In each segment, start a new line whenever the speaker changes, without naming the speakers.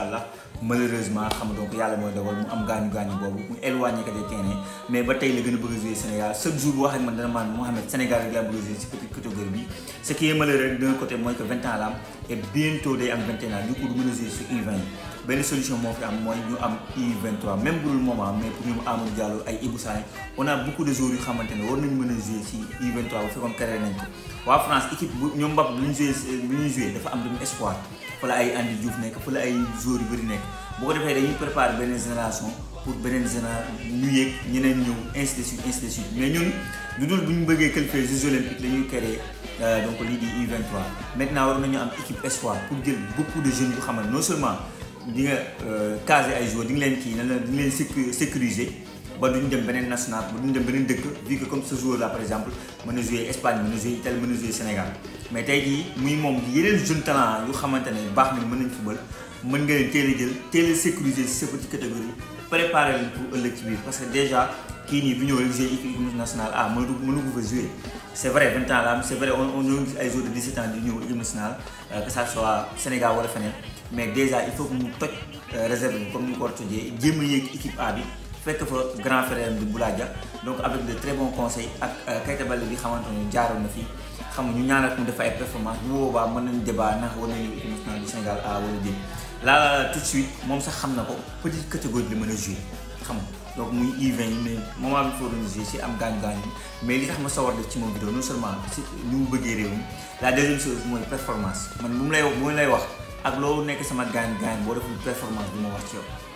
allah malheureusement xam donc yàlla mooy dogal mu am gaañu gaañu boobu mu éloigné ko des terrains mais ba tey la gën a bëgg a jouer Sénégal chaque jour bu wax ak a jouer a jouer si U20 benn solution moo fi am mooy ñu am U23 même yu xamante ne war nañu mën a jouer si U23 bu fekkoon carrière nañ ko wa France équipe bu ñoom Mbappé bu ñu jouer ñu joué dafa am dem espoir fa la ay andi Diouf nek fa la ay joueurs yu bari nek bu ko defee dañuy préparer beneen génération pour beneen génération ñu yéeg ñeneen ñëw ainsi de suite ainsi de suite mais ñun lu dul bu ñu bëggee qualifier Jeux olympiques dañuy ñuy créer euh, donc lii di U23 maintenant war nañu am équipe espoir pour jël beaucoup de jeunes yu xamal non seulement di nga euh, caser ay joueurs di nga leen kii na la di nga leen sécuriser ba duñ dem beneen national ba duñ dem beneen dëkk vu que comme ce joueur là par exemple mën na jouer Espagne mën na jouer Italie mën na jouer Sénégal mais tey jii muy moom yeneen jeune talent yu xamante ne baax nañ mën nañ football mën nga leen teel a jël teel a sécuriser si sa petite catégorie préparer leen pour ëllëg ci biir parce que déjà kii nii bu ñëw rek jouer équipe nationale ah mënu mënu ko fa jouer c' est vrai 20 ans la am c' est vrai on on gis ay joueurs de 17 ans di ñëw équipe nationale euh, que ça soit Sénégal wala feneen mais déjà il faut que mu toj euh, réserve comme ni ko war a tojee jéem a yéeg équipe A bi fekk fa grand frère bi Bouladia donc avec de très bons conseils ak euh, Keita Baldé bi xamante ne jaaroon na fii xam nga ñu ñaanal ko mu def ay performance bu boobaa mën nañu débat ndax war nañu équipe nationale du Sénégal à wala déet la tout de suite moom sax xam na ko petite catégorie bi mën a joué xam nga donc muy U20 mais moment bi favorisé si am gaañ-gaañ mais li tax ma sawar def ci moom vidéo non seulement si ñu mu bëggee réew mi la deuxième chose mooy performance man bu mu lay bu mu lay wax ak loolu nekk sama gaañ-gaañ boo deful performance bi ma wax ci yow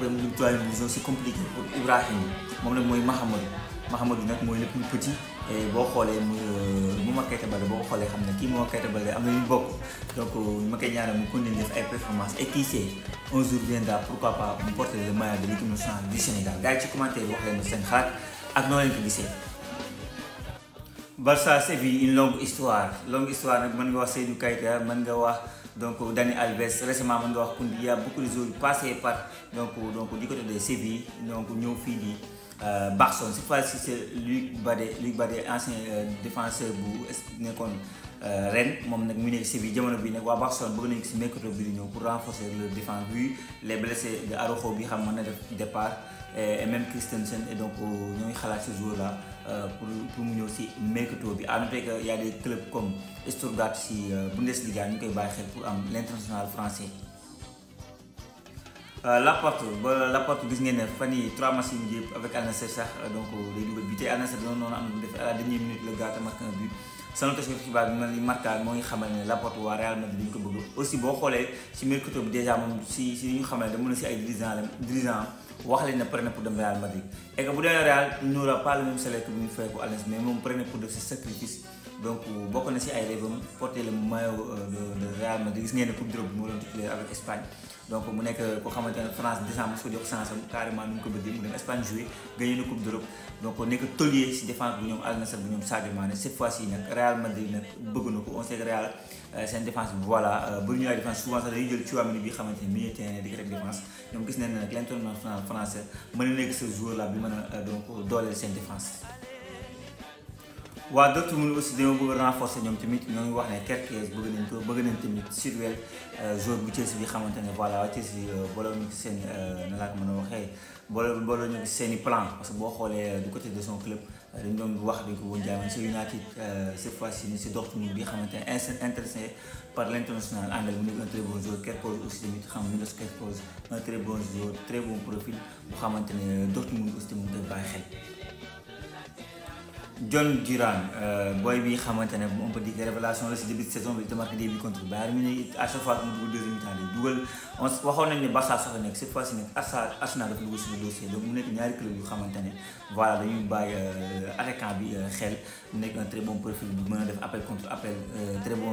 après mu jub troisième division c'est compliqué pour Ibrahima moom nag mooy Mahamadou Mahamadou nag mooy le plus petit boo xoolee mu euh, mu ma kayta bale boo xoolee xam ne kii mu ma kayta bale am na ñu bokk donc euh, ma koy ñaanal mu continuer def ay performance et qui sait un jour viendra pourquoi pas mu porter le maillot de l'équipe nationale du Sénégal gars yi ci commentaire wax leen seen xalaat ak noo leen ko gisee Barça Séville une longue histoire longue histoire nag mën nga wax Seydou Keita mën nga wax donc euh, Daniel Alves récemment il y a beaucoup de joueurs passés par donc euh, côté de Séville donc nous fini. Barson c'est c'est Luc Badé Luc ancien euh, défenseur bu Rennes Séville pour renforcer les blessés de Arojo. départ et, eh, même Christensen et donc euh, ñoy xalaat ce joueur là euh, pour pour mu ñëw si mercato bi à noter il y a des clubs comme Stuttgart si euh, Bundesliga ñu koy bàyyi xel pour am l'international français. La ba Laporte gis ngeen ne fan yii trois matchs yi yëpp avec Al donc day dugal bi tey non non, noonu am def à la dernière minute le gars marque un but. sama taskatu xibaar bi mel ni Marca moo ngi xamal ne Laporte waa Real Madrid dañ ko bëgg aussi boo xoolee ci mercato bi dèjà moom si si ñu xamal ne da mën a si ay dirigeant la wax leen ne pare pour dem Real Madrid et bu demee Real il n'aura pas le même salaire que bu ñu fay ko mais moom pare pour def sa sacrifice donc bokk na si ay rêve am porter le maillot euh, de Real Madrid gis ngeen ne coupe d'Europe bi moo doon titulaire avec Espagne donc mu nekk euh, koo xamante ne France décembre mos ko jox chance am carrément nu mu ko bëggee mu dem Espagne jouer gagné na coupe d'Europe donc nekk tolier si défense bu ñoom Al Nassr bu ñoom Sadio Mané cette fois ci nag Real Madrid nag bëgg na ko on sait que Real euh, seen défense bi voilà bu ñu la défense souvent sax dañuy jël ci Tchouaméni bi xamante ne milieu terrain di rek défense ñoom gis nañ ne nag l'international français mën na nekk ce joueur là bi mën a donc dooleel seen défense waa Docteur Moune aussi dañoo bëgg renforcer ñoom tamit ñoo ngi wax ne Kerkez bëgg nañ ko bëgg nañ tamit Chilwell joueur bu Chelsea bi xamante ne voilà Chelsea booloo ñu ko seen na laa ko mën a waxee booloo booloo ñu ko seen i plan parce que boo xoolee du côté de son club dañ doon wax dañ ko woon jaaman si United cette fois ci ni si Dortmund bi xamante ne in intéressé par l' international anglais mu nekk un très bon joueur Kerkez aussi tamit xam Milos Kerkez un très bon joueur très bon profil bu xamante ne Dortmund aussi tamit mu ngi koy bàyyi xel John Duran euh, boy bi xamante ne on peut dire révélation la si début de saison bi te marqué des contre Bayern Munich à chaque fois mu dugg deuxième mi-temps day dugal on waxoon nañ ni Barça sax la nekk cette fois ci nekk Arsenal Arsenal dafa dugg suñu dossier donc mu nek ñaari club yu xamante voilà dañuy bàyyi euh, attaquant bi euh, xel mu nekk un très bon profil bu mën def appel contre appel très bon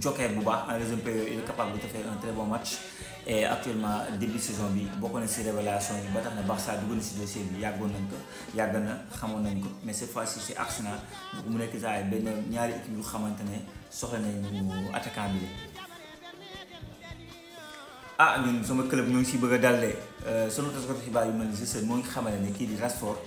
joker bu baax en deuxième période il est capable de faire un très bon match et actuellement début saison bi bokk na si révélation yi ba tax na Barça dugg na si dossier bi yàggoon nañ ko yàgg na xamoon nañ ko mais cette fois si si Arsenal mu nekk saa benn ñaari équipe yu xamante ne soxla nañu attaquant bi ah ñun sama club ñoo si bëgg a dal de euh, sunu taskatu xibaar yu mel ni moo ngi xamale ne kii di Rashford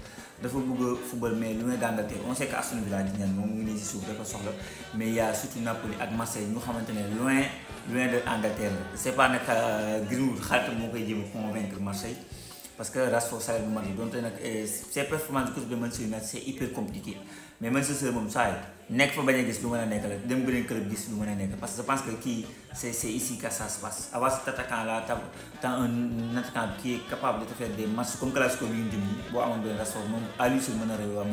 dafa bëgg a football mais lu nga gàngatee on sait que Aston Villa di ñaan moom mu ngi nii si suuf dafa soxla mais y' a surtout Napoli ak Marseille ñu xamante ne loin mais de Angleterre la c' est pas nag euh, Greenwood xaritam moo koy jéem a convaincre Marseille. parce que Rashford saa bu mag yi donte nag eh, ses performances course de Manchester United c' est hyper compliqué mais Manchester moom saa nekk fa bañ a gis lu mën ne nekk la dem beneen club gis lu mën a nekk parce que je pense que kii c' est c' est ici que ça se passe avoir cet attaquant là t'as qui est capable de te faire des matchs comme classico bi ñu jëm nii boo amoon benn Rashford moom à lui seul mën a réew waa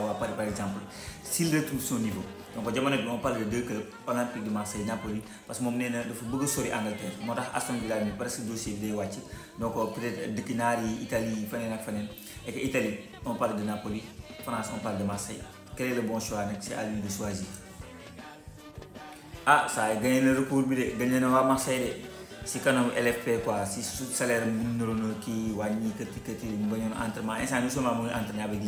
waa Paris par exemple s' il retrouve niveau. donc jamono bi on parle de deux clubs olympique de Marseille Napoli parce que moom nee na dafa bëgg a sori Angleterre moo tax Aston Villa ni presque dossier bi day wàcc donc euh, peut-être dëkki naar yi Italie yi feneen ak feneen et que Italie on parle de Napoli France on parle de Marseille quel est le bon choix nag c'est à lui de choisir ah saa a gagné na recours bi de gagné na waa Marseille de si kanamu LFP quoi si su salaire am bu ñu naroon kii wàññi këti këti mu bañoon entraînement instant bi seulement mu ngi entraîné avec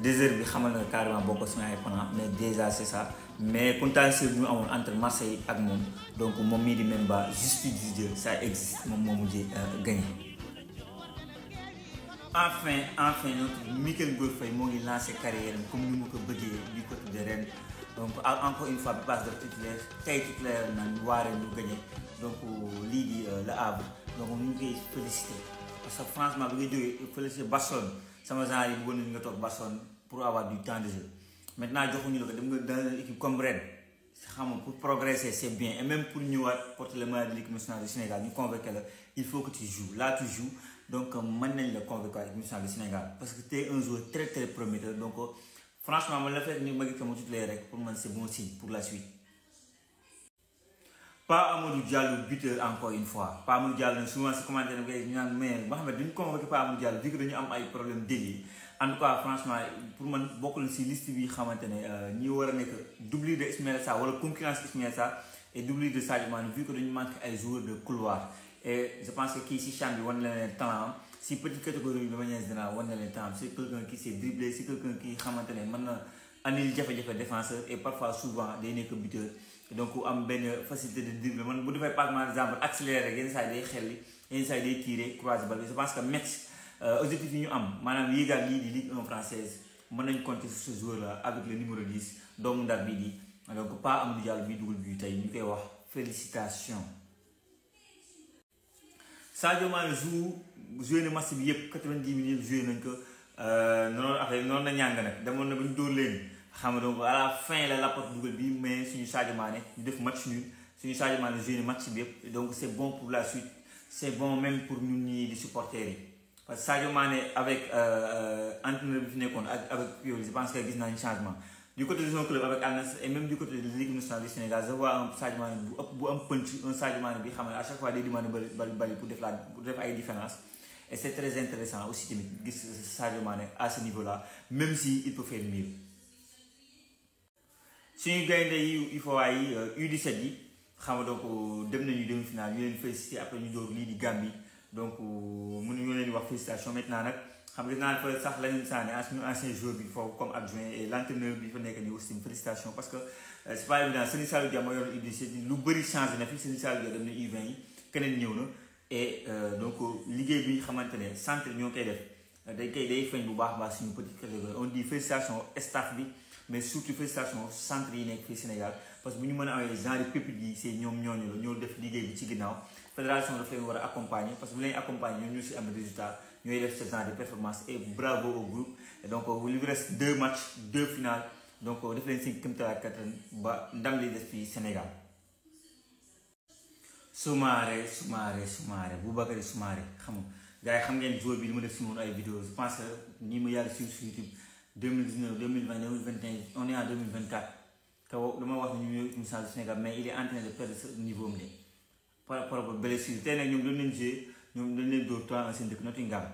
bi xamal na carrément bokk ko suñu ay plan mais déjà c' est ça mais comptage entre Marseille ak moom donc moom mii di même ba justice du jeu existe moom moo mujjee euh, gagné. enfin enfin notre Mikayil Faye moo ngi lancé carrière comme ni mu ko bëggee du côté de Rennes. donc encore une fois bi passe de titulaire tey titulaire nan voire ñu gagné donc lii di euh, Le Havre donc ñu ngi féliciter. parce que franchement bi féliciter jógee félicité Barcelone sama genre yi nga Barcelone pour avoir du temps de jeu maintenant joxuñu le que dem nga dans équipe comme ren pour progresser c'est bien et même pour ñëwaat porter le maillot de l'équipe nationale du Sénégal ñu convaincre il faut que tu joues là tu joues donc mën nañ convaincu de l'équipe nationale du Sénégal parce que tu es un joueur très très prometteur donc. Franchement, moi, le fait que je me toutes les règles, pour moi, c'est bon signe pour la suite. Pas Amadou Diallo, buteur encore une fois. Pas Amadou Diallo, souvent, c'est comment dire, mais Mohamed, nous ne convoquons pas Amadou Diallo, vu que nous avons des problèmes d'élite. En tout cas, franchement, pour moi, beaucoup de ces listes, nous avons doublé de Ismaël Sa, ou la concurrence Ismaël Sa, et doublé de Sadio vu que nous manquons des joueurs de couloir. Et je pense que ici, Chambi, on a le temps si petite catégorie bi ma ñëwee on a na temps c'est quelqu'un qui sait dribbler c'est quelqu'un qui xamante ne mën na andil jafe défenseur et parfois souvent day nekk buteur donc am une facilité de dribble man devez defee par exemple accélérer, rek yenn saa yi day xelli yenn saa yi day tiré croise je pense que Metz euh, objectif yi ñu am maanaam yéegal lii di Ligue 1 française mën nañ compter sur ce joueur là avec le numéro 10 doomu ndar bii donc pas Amadou Diallo bii dugal bii tey wax félicitations Sadio Manjou, joué na match bi yëpp 90 minutes joué nañ ko euh, noonu affaire noonu la ñàng nag demoon na ñu leen xam nga donc à la fin la Laporte dugal bi mais suñu Sadio Mané ñu def match nul suñu Sadio Mané joué match bi yëpp donc c' est bon pour la suite c' est bon même pour ñun ñii di supporters yi parce que Sadio Mané avec euh, euh, entraîneur bi fi nekkoon ak avec Pioli je pense que gis naa changement du côté de son club avec Al Nassr et même du côté de Ligue nationale du Sénégal je vois un Sadio Mané bu ëpp bu am punch un Sadio Mané bi xam à chaque fois day demander bali bali pour def la pour def ay différence Et c'est très intéressant aussi de Sadio Mané à ce niveau-là, même s'il si peut faire mieux. Si nous gagnons il faut aller euh, U17 yi xam nga donc euh, dem nañu demi finale ñu leen félicité après ñu door donc euh, mënuñu leen wax félicitation xam nga naa fa sax lañu saane suñu ancien bi foofu comme adjoint et l'entraîneur bi fa nekk nii aussi félicitation parce que c'est pas évident Serigne Saliou Dia moo yor U17 lu bëri changé na fi Serigne Saliou dem na u yi keneen ñëw na. et euh, donc liggéey bi xamantene centre ñoo koy def dañ koy day feeñ bu baax ba suñu petite catégorie on dit félicitation staff bi mais surtout félicitation centre yi nekk fii Sénégal parce que bu ñu mën a amee genre pépite yi c'est ñoom ñooñu la ñoo def liggéey bi ci ginnaaw fédération daf leen war a accompagner parce que bu leen accompagner ñoo ñu si am résultat ñooy def ce genre de performance et bravo au groupe et donc il reste deux matchs deux finales donc def leen seen kéemtalaay kattan ba ndam li def fii Sénégal. Soumaré Soumaré Soumaré Boubacar Soumaré xam nga gars yi xam ngeen joueur bi li ma def si moom ay je pense que nii ma sur YouTube 2019, 2020, 2021, on est en 2024. on est en 2024. mille vingt quatre kaw dama wax ñu Sénégal mais il est en train de perdre ce niveau am Pour par rapport ak blessure tey nag ñoom doon leen nous ñoom dañ deux dóor trois depuis dëkk Nottingham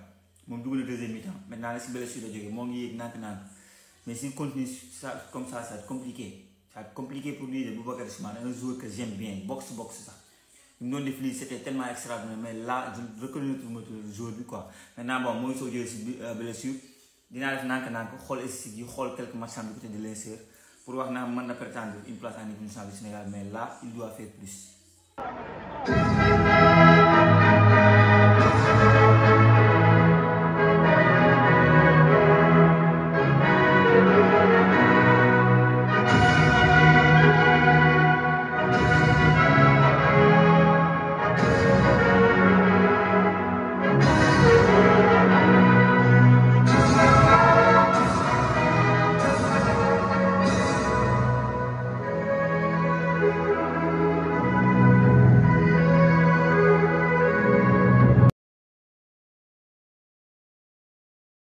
moom dugg deuxième mi-temps maintenant la blessure la jógee moo ngi yéeg nànk Mais mais on continue comme ça ça va être compliqué ça va être compliqué pour lui de Boubacar Soumaré un joueur que j'aime bien boxe boxe ça. non-défilé, c'était tellement extraordinaire. Mais là, je reconnais tout le jour. Quoi. Maintenant, bon, moi, je suis blessure. dinaa def nank nank xool esthétique yi xool quelques marchands du côté de l'insert pour wax naa mën na prétendre une place en équipe nationale mais là il doit faire plus